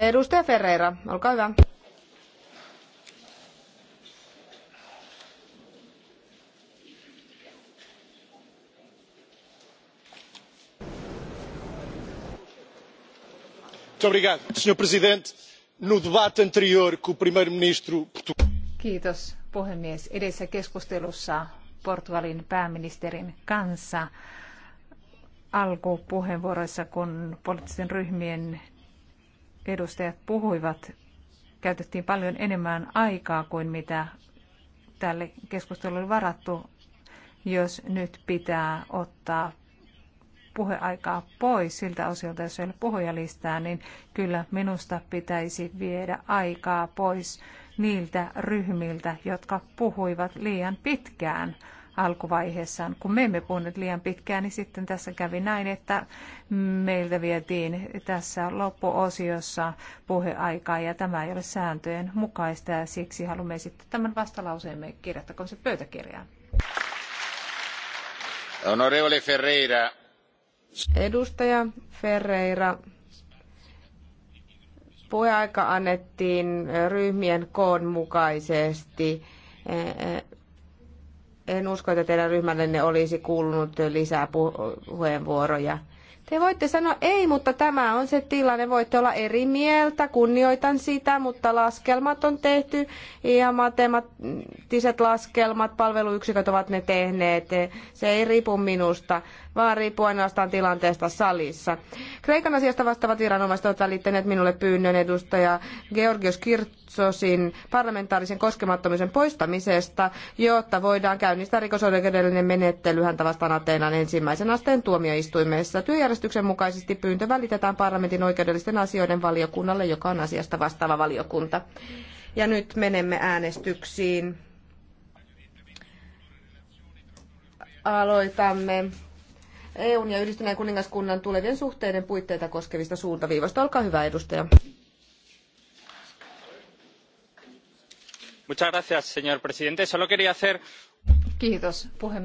Edustaja Ferreira, olkaa hyvä. No Kiitos puhemies. Edessä keskustelussa Portugalin pääministerin kanssa alkupuheenvuoroissa, kun poliittisten ryhmien edustajat puhuivat, käytettiin paljon enemmän aikaa kuin mitä tälle keskustelulle oli varattu, jos nyt pitää ottaa puheaikaa pois siltä osilta, jos ei ole puhujalistaa, niin kyllä minusta pitäisi viedä aikaa pois niiltä ryhmiltä, jotka puhuivat liian pitkään alkuvaiheessaan. Kun me emme puhuneet liian pitkään, niin sitten tässä kävi näin, että meiltä vietiin tässä loppuosiossa puheaikaa ja tämä ei ole sääntöjen mukaista ja siksi haluamme sitten tämän vastalauseemme kirjattakoon se pöytäkirjaan. Honorevole Ferreira. Edustaja Ferreira, puheaika annettiin ryhmien koon mukaisesti en usko, että teidän ryhmällenne olisi kuulunut lisää puheenvuoroja. Te voitte sanoa, ei, mutta tämä on se tilanne. Voitte olla eri mieltä, kunnioitan sitä, mutta laskelmat on tehty ja matemaattiset laskelmat, palveluyksiköt ovat ne tehneet. Se ei riipu minusta, vaan riippuu ainoastaan tilanteesta salissa. Kreikan asiasta vastaavat viranomaiset ovat välittäneet minulle pyynnön edustaja Georgios Kirtsosin parlamentaarisen koskemattomuuden poistamisesta, jotta voidaan käynnistää rikosoikeudellinen menettely häntä vastaan Ateenan ensimmäisen asteen tuomioistuimessa. Työjärjestys työjärjestyksen mukaisesti pyyntö välitetään parlamentin oikeudellisten asioiden valiokunnalle, joka on asiasta vastaava valiokunta. Ja nyt menemme äänestyksiin. Aloitamme EUn ja yhdistyneen kuningaskunnan tulevien suhteiden puitteita koskevista suuntaviivoista. Olkaa hyvä, edustaja. Kiitos, puhemies